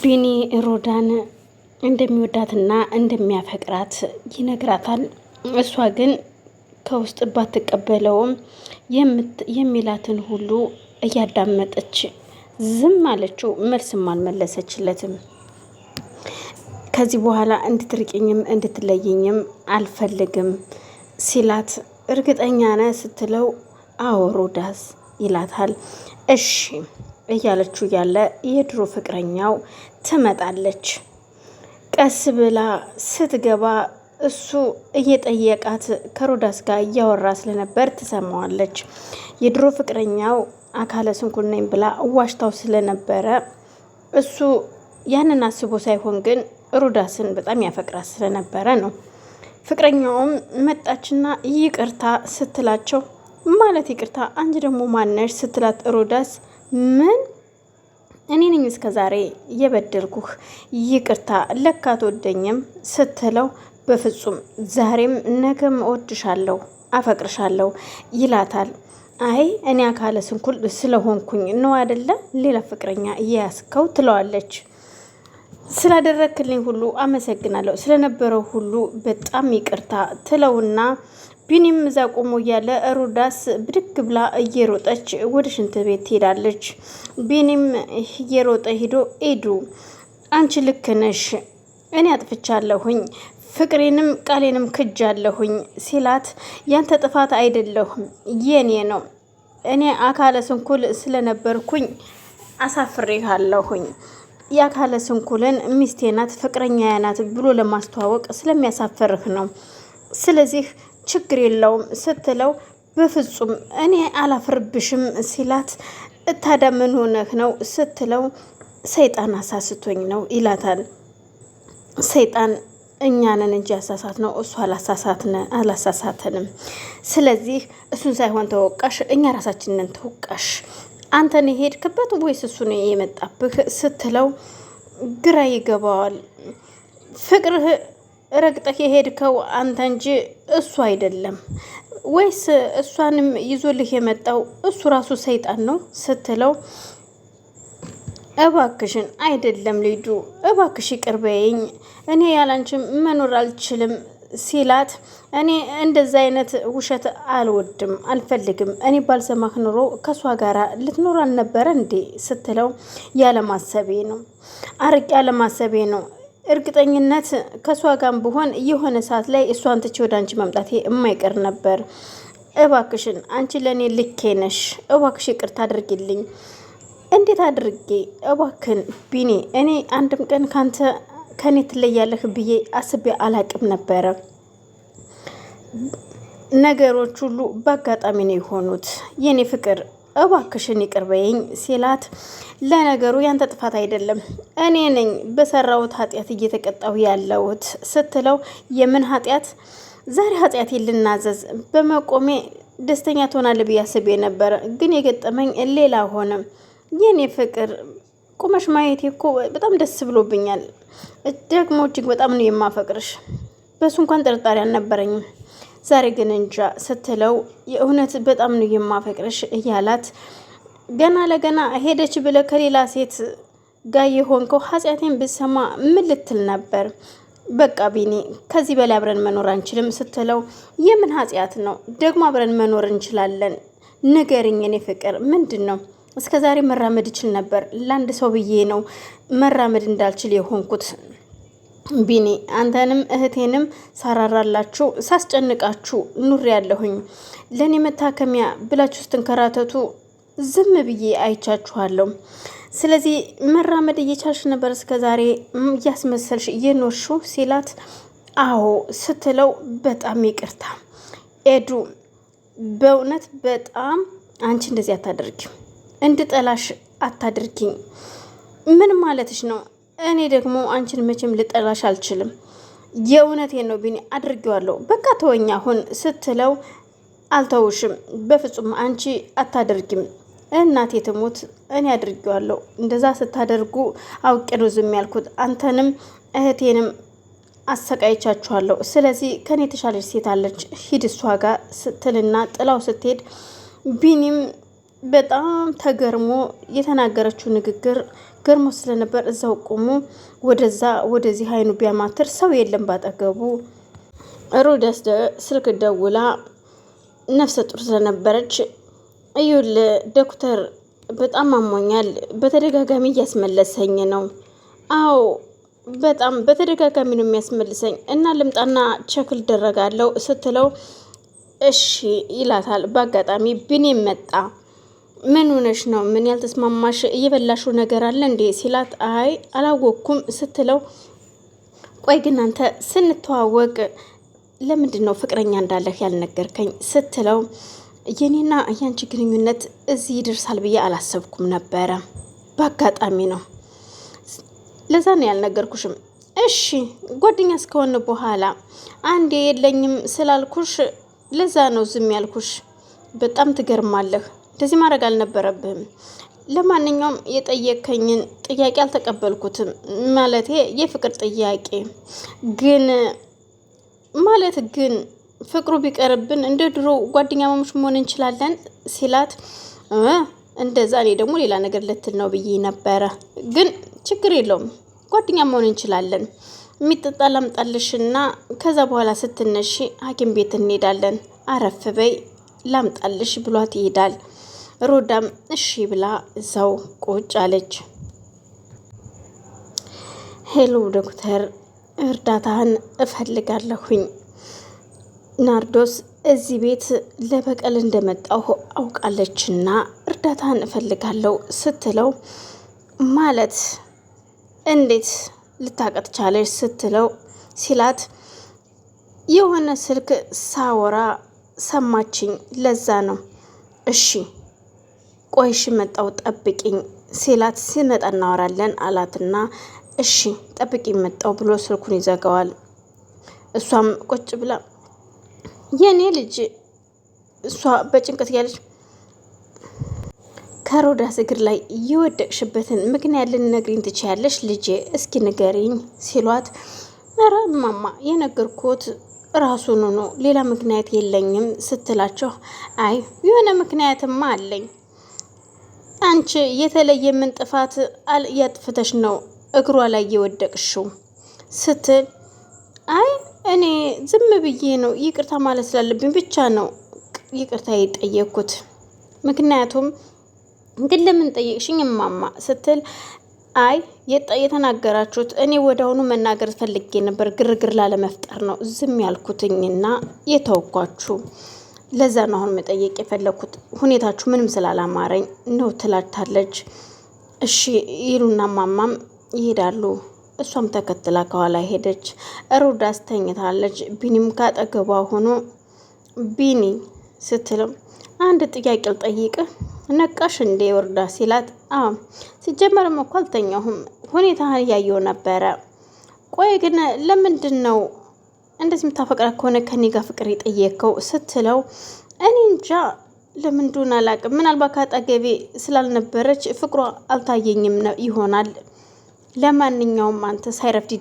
ቢኒ ሮዳን እንደሚወዳትና እንደሚያፈቅራት ይነግራታል። እሷ ግን ከውስጥ ባትቀበለውም የሚላትን ሁሉ እያዳመጠች ዝም አለችው። መልስም አልመለሰችለትም። ከዚህ በኋላ እንድትርቅኝም እንድትለይኝም አልፈልግም ሲላት እርግጠኛ ነህ ስትለው አዎ ሮዳስ ይላታል። እሺ እያለችው ያለ የድሮ ፍቅረኛው ትመጣለች። ቀስ ብላ ስትገባ እሱ እየጠየቃት ከሮዳስ ጋር እያወራ ስለነበር ትሰማዋለች። የድሮ ፍቅረኛው አካለ ስንኩል ነኝ ብላ ዋሽታው ስለነበረ እሱ ያንን አስቦ ሳይሆን ግን ሮዳስን በጣም ያፈቅራት ስለነበረ ነው። ፍቅረኛውም መጣችና ይቅርታ ስትላቸው ማለት ይቅርታ አንቺ ደግሞ ማነሽ ስትላት ሮዳስ ምን እኔ ነኝ እስከ ዛሬ የበደልኩህ፣ ይቅርታ ለካ አትወደኝም ስትለው፣ በፍጹም ዛሬም ነገም እወድሻለሁ፣ አፈቅርሻለሁ ይላታል። አይ እኔ አካለ ስንኩል ስለሆንኩኝ ነው አደለ ሌላ ፍቅረኛ እየያዝከው ትለዋለች። ስላደረክልኝ ሁሉ አመሰግናለሁ፣ ስለነበረው ሁሉ በጣም ይቅርታ ትለውና ቢኒም እዛ ቆሞ እያለ ሮዳስ ብድግ ብላ እየሮጠች ወደ ሽንት ቤት ትሄዳለች። ቢኒም እየሮጠ ሂዶ ኤዱ አንቺ ልክ ነሽ፣ እኔ አጥፍቻለሁኝ ፍቅሬንም ቃሌንም ክጃለሁኝ ሲላት ያንተ ጥፋት አይደለሁም የኔ ነው እኔ አካለ ስንኩል ስለነበርኩኝ አሳፍሬሃለሁኝ የአካለ ስንኩልን ሚስቴ ናት ፍቅረኛ ናት ብሎ ለማስተዋወቅ ስለሚያሳፈርህ ነው። ስለዚህ ችግር የለውም ስትለው በፍጹም እኔ አላፍርብሽም ሲላት፣ እታዳ ምን ሆነህ ነው ስትለው ሰይጣን አሳስቶኝ ነው ይላታል። ሰይጣን እኛንን እንጂ አሳሳት ነው እሱ አላሳሳተንም። ስለዚህ እሱን ሳይሆን ተወቃሽ እኛ ራሳችንን ተወቃሽ አንተን የሄድክበት ወይስ እሱ ነው የመጣብህ ስትለው ግራ ይገባዋል። ፍቅርህ ረግጠህ የሄድከው አንተ እንጂ እሱ አይደለም ወይስ እሷንም ይዞልህ የመጣው እሱ ራሱ ሰይጣን ነው ስትለው እባክሽን አይደለም ልጁ፣ እባክሽ ይቅር በይኝ። እኔ ያላንችም መኖር አልችልም ሲላት እኔ እንደዛ አይነት ውሸት አልወድም አልፈልግም። እኔ ባልሰማህ ኑሮ ከእሷ ጋር ልትኖር አልነበረ እንዴ ስትለው ያለማሰቤ ነው አርቅ ያለማሰቤ ነው። እርግጠኝነት ከእሷ ጋር ብሆን የሆነ ሰዓት ላይ እሷን ትቼ ወደ አንቺ መምጣቴ የማይቀር ነበር። እባክሽን አንቺ ለእኔ ልኬ ነሽ። እባክሽ ይቅርታ አድርጊልኝ። እንዴት አድርጌ እባክን ቢኔ፣ እኔ አንድም ቀን ካንተ ከኔ ትለያለህ ብዬ አስቤ አላቅም ነበረ። ነገሮች ሁሉ በአጋጣሚ ነው የሆኑት። የኔ ፍቅር እባክሽን ይቅር በይኝ ሲላት፣ ለነገሩ ያንተ ጥፋት አይደለም እኔ ነኝ በሰራሁት ኃጢአት እየተቀጣሁ ያለሁት ስትለው፣ የምን ኃጢአት ዛሬ ኃጢአት ልናዘዝ በመቆሜ ደስተኛ ትሆናለህ ብዬ አስቤ ነበረ፣ ግን የገጠመኝ ሌላ ሆነ የኔ ፍቅር ቁመሽ ማየቴ እኮ በጣም ደስ ብሎብኛል። ደግሞ እጅግ በጣም ነው የማፈቅርሽ። በሱ እንኳን ጥርጣሬ አልነበረኝም። ዛሬ ግን እንጃ ስትለው የእውነት በጣም ነው የማፈቅርሽ እያላት ገና ለገና ሄደች ብለ ከሌላ ሴት ጋር የሆንከው ኃጢአቴን ብሰማ ምን ልትል ነበር? በቃ ቢኒ ከዚህ በላይ አብረን መኖር አንችልም ስትለው የምን ኃጢአት ነው ደግሞ አብረን መኖር እንችላለን። ንገርኝ የኔ ፍቅር ምንድን ነው? እስከ ዛሬ መራመድ እችል ነበር። ለአንድ ሰው ብዬ ነው መራመድ እንዳልችል የሆንኩት። ቢኒ አንተንም እህቴንም ሳራራላችሁ ሳስጨንቃችሁ ኑር ያለሁኝ ለእኔ መታከሚያ ብላችሁ ስትንከራተቱ ዝም ብዬ አይቻችኋለሁ። ስለዚህ መራመድ እየቻልሽ ነበር እስከ ዛሬ እያስመሰልሽ እየኖርሹ ሲላት፣ አዎ ስትለው በጣም ይቅርታ ኤዱ፣ በእውነት በጣም አንቺ እንደዚህ አታደርጊም እንድጠላሽ አታድርጊኝ። ምን ማለትሽ ነው? እኔ ደግሞ አንቺን መቼም ልጠላሽ አልችልም። የእውነቴን ነው ቢኒ፣ አድርጌዋለሁ። በቃ ተወኝ አሁን ስትለው አልተውሽም፣ በፍጹም አንቺ አታደርጊም። እናቴ ትሙት፣ እኔ አድርጌዋለሁ። እንደዛ ስታደርጉ አውቄ ነው ዝም ያልኩት። አንተንም እህቴንም አሰቃይቻችኋለሁ። ስለዚህ ከኔ የተሻለች ሴት አለች፣ ሂድ እሷ ጋር ስትልና ጥላው ስትሄድ ቢኒም በጣም ተገርሞ የተናገረችው ንግግር ገርሞ ስለነበር እዛው ቆሞ ወደዛ ወደዚህ አይኑ ቢያማትር ሰው የለም ባጠገቡ። ሮዳስ ስልክ ደውላ ነፍሰ ጡር ስለነበረች እዩል ዶክተር በጣም አሞኛል፣ በተደጋጋሚ እያስመለሰኝ ነው። አዎ በጣም በተደጋጋሚ ነው የሚያስመልሰኝ እና ልምጣና ቸክ ልደረጋለሁ ስትለው እሺ ይላታል። በአጋጣሚ ብኔ መጣ ምን ሆነሽ ነው? ምን ያልተስማማሽ? እየበላሹ ነገር አለ እንዴ ሲላት፣ አይ አላወቅኩም ስትለው፣ ቆይ ግን አንተ ስንተዋወቅ ለምንድን ነው ፍቅረኛ እንዳለህ ያልነገርከኝ? ስትለው፣ የኔና ያንቺ ግንኙነት እዚህ ይደርሳል ብዬ አላሰብኩም ነበረ፣ በአጋጣሚ ነው። ለዛ ነው ያልነገርኩሽም። እሺ ጓደኛ እስከሆን በኋላ አንዴ የለኝም ስላልኩሽ ለዛ ነው ዝም ያልኩሽ። በጣም ትገርማለህ እንደዚህ ማድረግ አልነበረብህም። ለማንኛውም የጠየከኝን ጥያቄ አልተቀበልኩትም። ማለት የፍቅር ጥያቄ ግን ማለት ግን ፍቅሩ ቢቀርብን እንደ ድሮ ጓደኛሞች መሆን እንችላለን ሲላት እንደዛ እኔ ደግሞ ሌላ ነገር ልትል ነው ብዬ ነበረ። ግን ችግር የለውም ጓደኛ መሆን እንችላለን። የሚጠጣ ላምጣልሽና ከዛ በኋላ ስትነሺ ሐኪም ቤት እንሄዳለን። አረፍ በይ ላምጣልሽ ብሏት ይሄዳል። ሮዳም እሺ ብላ እዛው ቁጭ አለች። ሄሎ ዶክተር፣ እርዳታህን እፈልጋለሁኝ። ናርዶስ እዚህ ቤት ለበቀል እንደመጣሁ አውቃለችና እርዳታህን እፈልጋለሁ ስትለው ማለት እንዴት ልታቀጥ ቻለች ስትለው ሲላት የሆነ ስልክ ሳወራ ሰማችኝ፣ ለዛ ነው። እሺ ቆይሽ መጣው ጠብቂኝ ሲላት ሲመጣ እናወራለን አላትና እሺ ጠብቂኝ መጣው ብሎ ስልኩን ይዘጋዋል። እሷም ቁጭ ብላ የእኔ ልጅ እሷ በጭንቀት ያለች ከሮዳስ እግር ላይ የወደቅሽበትን ምክንያት ልንነግሪኝ ትችያለሽ ልጄ? እስኪ ንገሪኝ ሲሏት ኧረ እማማ የነገርኩት ራሱኑ ነው ሌላ ምክንያት የለኝም ስትላቸው፣ አይ የሆነ ምክንያትማ አለኝ አንቺ የተለየ ምን ጥፋት ያጥፍተሽ ነው እግሯ ላይ የወደቅሽው ስትል፣ አይ እኔ ዝም ብዬ ነው ይቅርታ ማለት ስላለብኝ ብቻ ነው ይቅርታ የጠየኩት ምክንያቱም ግን ለምን ጠየቅሽኝ እማማ ስትል አይ የተናገራችሁት እኔ ወዲያውኑ መናገር ፈልጌ ነበር፣ ግርግር ላለመፍጠር ነው ዝም ያልኩትኝና የተወኳችሁ። ለዛ ነው አሁን መጠየቅ የፈለኩት ሁኔታችሁ ምንም ስላላማረኝ ነው ትላታለች። እሺ ይሉና ማማም ይሄዳሉ። እሷም ተከትላ ከኋላ ሄደች። ሮዳስ ተኝታለች። ቢኒም ካጠገቧ ሆኖ ቢኒ ስትልም አንድ ጥያቄ ልጠይቅህ ነቃሽ እንዴ ወርዳ ሲላት፣ ሲጀመርም እኮ አልተኛሁም ሁኔታህን እያየሁ ነበረ። ቆይ ግን ለምንድን ነው እንደዚህ የምታፈቅራት ከሆነ ከኔ ጋር ፍቅር የጠየቅከው ስትለው፣ እኔ እንጃ ለምን እንደሆነ አላውቅም። ምናልባት ከአጠገቤ ስላልነበረች ፍቅሯ አልታየኝም ይሆናል። ለማንኛውም አንተ ሳይረፍድ